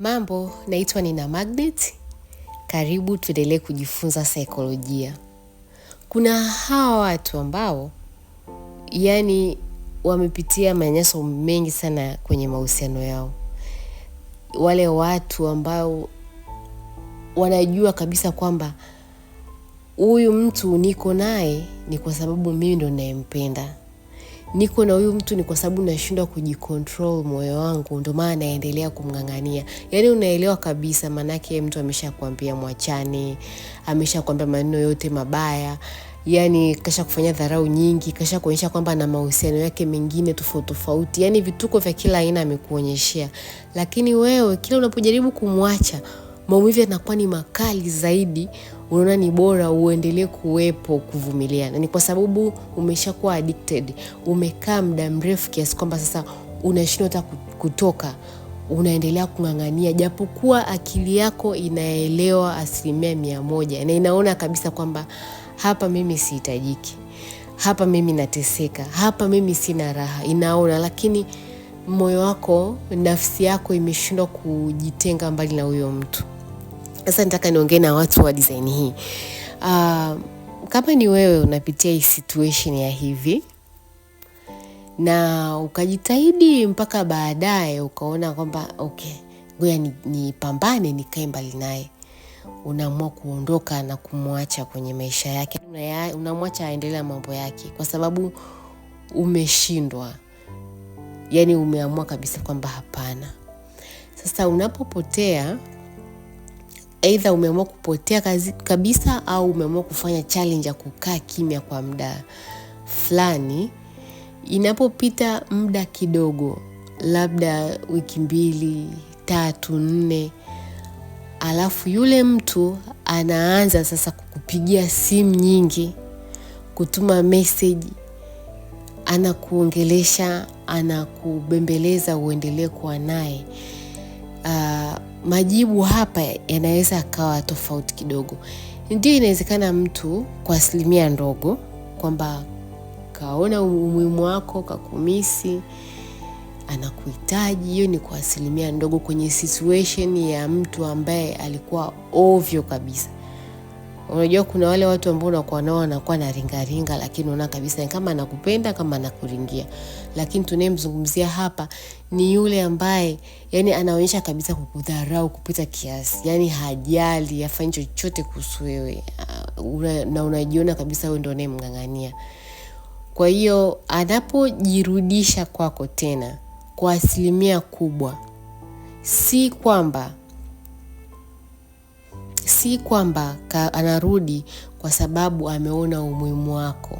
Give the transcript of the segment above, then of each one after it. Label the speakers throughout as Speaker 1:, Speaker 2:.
Speaker 1: Mambo, naitwa Nina Magnet. Karibu tuendelee kujifunza saikolojia. Kuna hawa watu ambao yani wamepitia manyanyaso mengi sana kwenye mahusiano yao, wale watu ambao wanajua kabisa kwamba huyu mtu niko naye ni kwa sababu mimi ndo nayempenda niko na huyu mtu ni kwa sababu nashindwa kujikontrol moyo wangu, ndo maana naendelea kumng'ang'ania. Yani unaelewa kabisa, maanake mtu ameshakwambia mwachane, ameshakwambia maneno yote mabaya yani kasha kufanya dharau nyingi, kasha kuonyesha kwamba na mahusiano yake mengine tofauti tofauti, yani vituko vya kila aina amekuonyeshea. Lakini wewe kila unapojaribu kumwacha, maumivu yanakuwa ni makali zaidi unaona ni bora uendelee kuwepo kuvumilia, na ni kwa sababu umeshakuwa addicted, umekaa muda mrefu kiasi kwamba sasa unashindwa hata kutoka, unaendelea kung'ang'ania, japokuwa akili yako inaelewa asilimia mia moja na inaona kabisa kwamba hapa mimi sihitajiki, hapa mimi nateseka, hapa mimi sina raha, inaona lakini moyo wako, nafsi yako imeshindwa kujitenga mbali na huyo mtu. Sasa nataka niongee na watu wa design hii. Uh, kama ni wewe unapitia hii situation ya hivi na ukajitahidi mpaka baadaye ukaona kwamba okay, ngoja nipambane, ni nikae mbali naye, unaamua kuondoka na kumwacha kwenye maisha yake, unamwacha aendelea mambo yake kwa sababu umeshindwa, yani umeamua kabisa kwamba hapana. Sasa unapopotea Aidha umeamua kupotea kazi, kabisa au umeamua kufanya challenge ya kukaa kimya kwa muda fulani. Inapopita muda kidogo, labda wiki mbili tatu nne, alafu yule mtu anaanza sasa kukupigia simu nyingi, kutuma meseji, anakuongelesha, anakubembeleza uendelee kuwa naye uh, majibu hapa yanaweza akawa tofauti kidogo. Ndio, inawezekana mtu kwa asilimia ndogo kwamba kaona umuhimu wako, kakumisi, anakuhitaji. Hiyo ni kwa asilimia ndogo kwenye situation ya mtu ambaye alikuwa ovyo kabisa. Unajua kuna wale watu ambao unakuwa nao wanakuwa na ringa ringa, lakini unaona kabisa ni kama anakupenda kama anakuringia. Lakini tunayemzungumzia hapa ni yule ambaye yani anaonyesha kabisa kukudharau kupita kiasi, yani hajali, afanyi chochote kuhusu wewe ah, na unajiona kabisa wewe ndio unayemng'ang'ania. Kwa hiyo anapojirudisha kwako tena, kwa asilimia kubwa si kwamba si kwamba anarudi kwa sababu ameona umuhimu wako,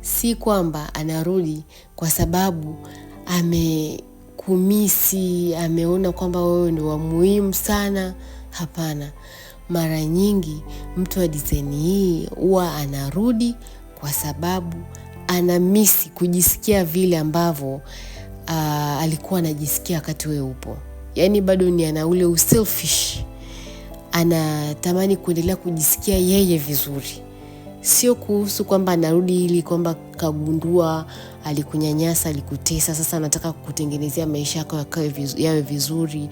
Speaker 1: si kwamba anarudi kwa sababu amekumisi, ameona kwamba wewe ni wa muhimu sana. Hapana, mara nyingi mtu wa dizaini hii huwa anarudi kwa sababu anamisi kujisikia vile ambavyo ah, alikuwa anajisikia wakati wewe upo, yaani bado ni ana ule uselfish anatamani kuendelea kujisikia yeye vizuri, sio kuhusu kwamba anarudi ili kwamba kagundua alikunyanyasa, alikutesa, sasa anataka kutengenezea maisha yako yawe vizuri,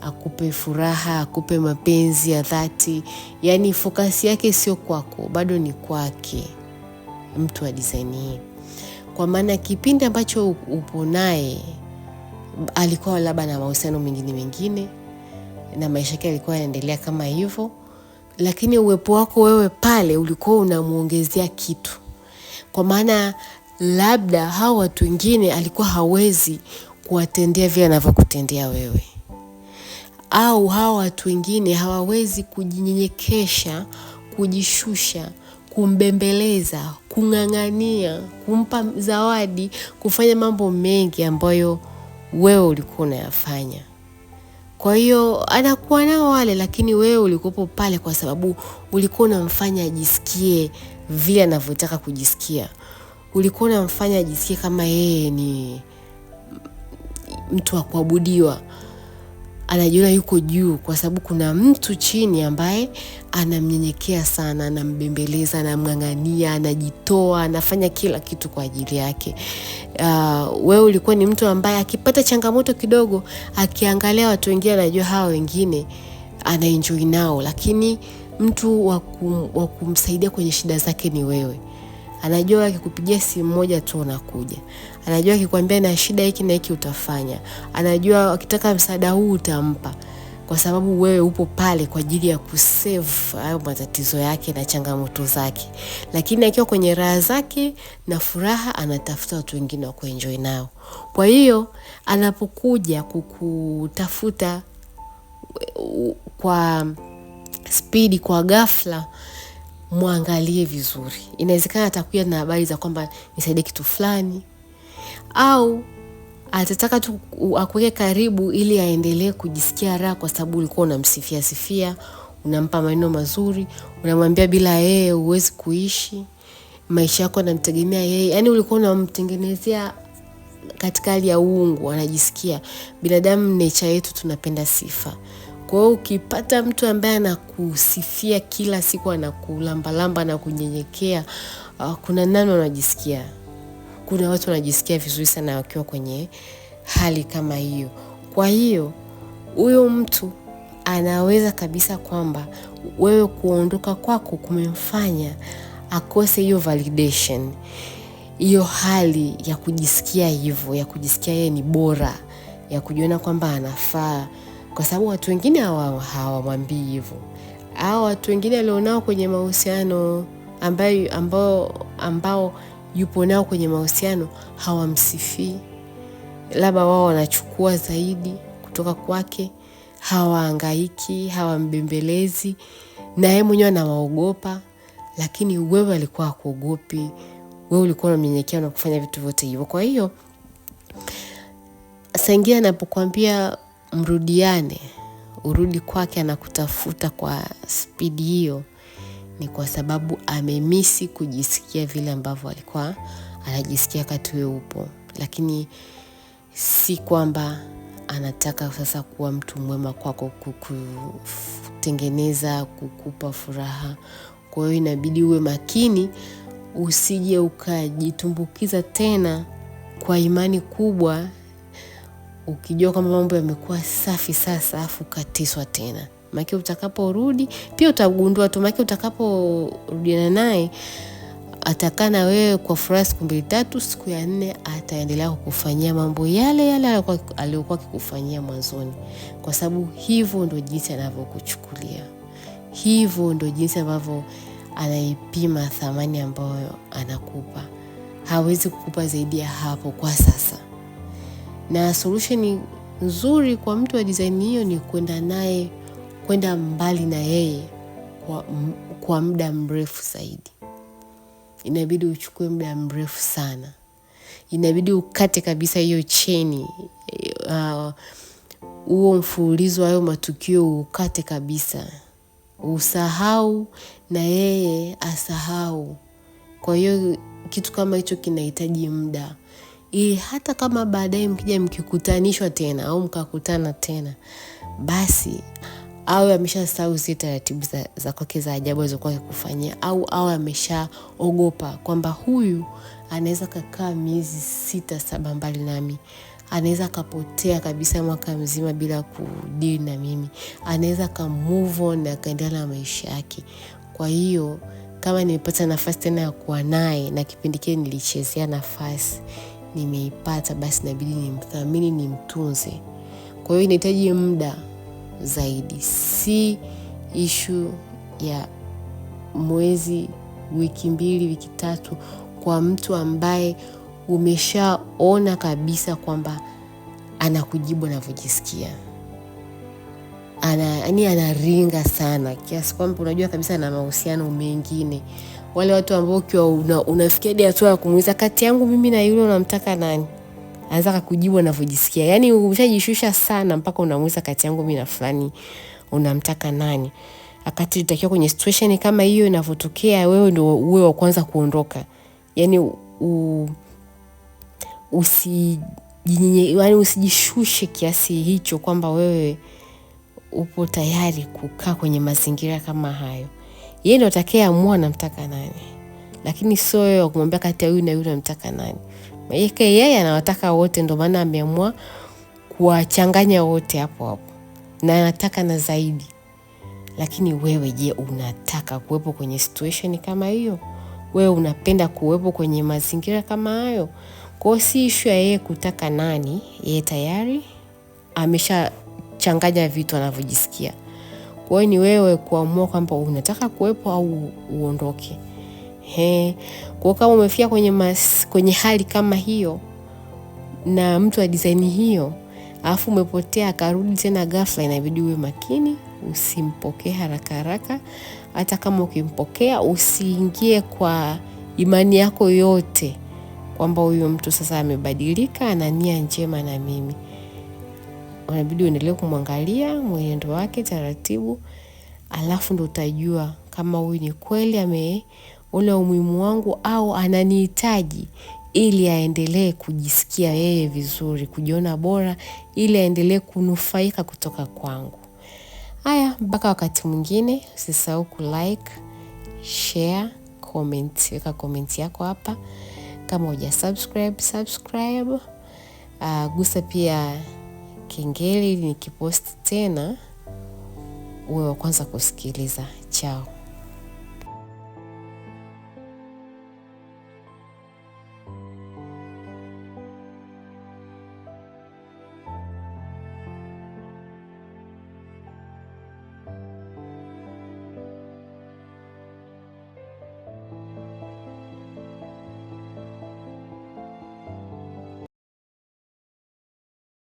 Speaker 1: akupe furaha, akupe mapenzi ya dhati. Yaani fokasi yake sio kwako, bado ni kwake, mtu wa disaini hii, kwa maana kipindi ambacho upo naye alikuwa labda na mahusiano mengine mengine na maisha yake yalikuwa yanaendelea kama hivyo, lakini uwepo wako wewe pale ulikuwa unamwongezea kitu, kwa maana labda hao watu wengine alikuwa hawezi kuwatendea vile anavyokutendea wewe, au hawa watu wengine hawawezi kujinyenyekesha, kujishusha, kumbembeleza, kung'ang'ania, kumpa zawadi, kufanya mambo mengi ambayo wewe ulikuwa unayafanya. Kwa hiyo anakuwa nao wale, lakini wewe ulikuwepo pale kwa sababu ulikuwa unamfanya ajisikie vile anavyotaka kujisikia. Ulikuwa unamfanya ajisikie kama yeye ni mtu wa kuabudiwa anajiona yuko juu, kwa sababu kuna mtu chini ambaye anamnyenyekea sana, anambembeleza, anamng'ang'ania, anajitoa, anafanya kila kitu kwa ajili yake. Uh, wewe ulikuwa ni mtu ambaye akipata changamoto kidogo, akiangalia watu wengine, anajua hawa wengine anaenjoi nao, lakini mtu wa kumsaidia kwenye shida zake ni wewe. Anajua akikupigia simu moja tu unakuja, anajua akikwambia na shida hiki na hiki utafanya, anajua akitaka msaada huu utampa, kwa sababu wewe upo pale kwa ajili ya kusave hayo matatizo yake na changamoto zake. Lakini akiwa kwenye raha zake na furaha, anatafuta watu wengine wa kuenjoy nao. Kwa hiyo anapokuja kukutafuta kwa spidi, kwa ghafla mwangalie vizuri. Inawezekana atakuja na habari za kwamba nisaidie kitu fulani, au atataka tu akuweke karibu ili aendelee kujisikia raha, kwa sababu ulikuwa unamsifia sifia, unampa maneno mazuri, unamwambia bila yeye huwezi kuishi, maisha yako anamtegemea yeye. Yaani ulikuwa unamtengenezea katika hali ya uungu, anajisikia. Binadamu necha yetu tunapenda sifa. Kwa hiyo ukipata mtu ambaye anakusifia kila siku, anakulambalamba na kunyenyekea, uh, kuna nani wanajisikia? Kuna watu wanajisikia vizuri sana wakiwa kwenye hali kama hiyo. Kwa hiyo huyo mtu anaweza kabisa kwamba wewe kuondoka kwako kumemfanya akose hiyo validation, hiyo hali ya kujisikia hivyo, ya kujisikia yeye ni bora, ya kujiona kwamba anafaa kwa sababu watu wengine hawamwambii hawa hivyo au watu wengine alionao kwenye mahusiano ambayo, ambao, ambao yupo nao kwenye mahusiano hawamsifii, labda wao wanachukua zaidi kutoka kwake, hawaangaiki, hawambembelezi na yeye mwenyewe anawaogopa, lakini wewe alikuwa akuogopi, wewe ulikuwa unamnyenyekea na kufanya vitu vyote hivyo. Kwa hiyo saingia anapokwambia mrudiane, urudi kwake anakutafuta kwa spidi hiyo, ni kwa sababu amemisi kujisikia vile ambavyo alikuwa anajisikia wakati huyo upo, lakini si kwamba anataka sasa kuwa mtu mwema kwako, kukutengeneza, kukupa furaha. Kwa hiyo inabidi uwe makini, usije ukajitumbukiza tena kwa imani kubwa ukijua kwamba mambo yamekuwa safi sasa, afu ukatiswa tena, maki utakaporudi pia utagundua tu, maana utakaporudiana naye atakaa na wewe kwa furaha siku mbili tatu, siku ya nne ataendelea kukufanyia mambo yale yale aliyokuwa akikufanyia mwanzoni, kwa sababu hivyo ndo jinsi anavyokuchukulia, hivyo ndo jinsi ambavyo anaipima thamani ambayo anakupa. Hawezi kukupa zaidi ya hapo kwa sasa na solution nzuri kwa mtu wa design hiyo ni kwenda naye kwenda mbali na yeye kwa, kwa muda mrefu zaidi. Inabidi uchukue muda mrefu sana, inabidi ukate kabisa hiyo cheni eh, uh, huo uh, mfululizo hayo matukio ukate kabisa, usahau na yeye asahau. Kwa hiyo kitu kama hicho kinahitaji muda ili e, hata kama baadaye mkija mkikutanishwa tena au mkakutana tena, basi awe ameshasahau zile taratibu za, za kwake za ajabu alizokuwa akikufanyia, au awe ameshaogopa kwamba huyu anaweza kakaa miezi sita saba mbali nami, anaweza akapotea kabisa mwaka mzima bila kudili na mimi, anaweza ka na akaendelea na maisha yake. Kwa hiyo kama nimepata nafasi tena ya kuwa naye na kipindi kile nilichezea nafasi nimeipata, basi inabidi nimthamini, nimtunze. Kwa hiyo inahitaji muda zaidi, si ishu ya mwezi, wiki mbili, wiki tatu, kwa mtu ambaye umeshaona kabisa kwamba anakujibu anavyojisikia ana, yani anaringa sana kiasi kwamba unajua kabisa na mahusiano mengine wale watu ambao ukiwa una, unafikia hadi hatua ya kumuuliza kati yangu mimi na yule unamtaka nani, anaweza kukujibu anavyojisikia. Yani umeshajishusha sana mpaka unamuuliza kati yangu mimi na fulani unamtaka nani, wakati utakiwa kwenye situation kama hiyo inavyotokea, wewe ndio uwe wa kwanza kuondoka. Yani yaani usijishushe kiasi hicho kwamba wewe upo tayari kukaa kwenye mazingira kama hayo yeye ndo amua anamtaka nani, lakini sio wewe wa kumwambia kati ya huyu na yule anamtaka nani. Maana yeye anawataka wote, ndo maana ameamua kuwachanganya wote hapo hapo, na anataka na zaidi. Lakini wewe je, unataka kuwepo kwenye situation kama hiyo? Wewe unapenda kuwepo kwenye mazingira kama hayo? Kwa si ishu ya yeye kutaka nani, yeye tayari ameshachanganya vitu anavyojisikia. Kwa hiyo ni wewe kuamua kwamba unataka kuwepo au uondoke. He, kwa kama umefia kwenye, mas, kwenye hali kama hiyo na mtu wa disaini hiyo alafu umepotea akarudi tena ghafla, inabidi uwe makini, usimpokee haraka haraka. Hata kama ukimpokea, usiingie kwa imani yako yote kwamba huyo mtu sasa amebadilika, ana nia njema na mimi unabidi uendelee kumwangalia mwenendo wake taratibu, alafu ndo utajua kama huyu ni kweli ameona umuhimu wangu au ananihitaji ili aendelee kujisikia yeye vizuri, kujiona bora, ili aendelee kunufaika kutoka kwangu. Haya, mpaka wakati mwingine, usisahau like, share, comment, weka comment yako hapa. Kama uja subscribe, subscribe. Uh, gusa pia kengele ili nikiposti tena uwe wa kwanza kusikiliza. Chao.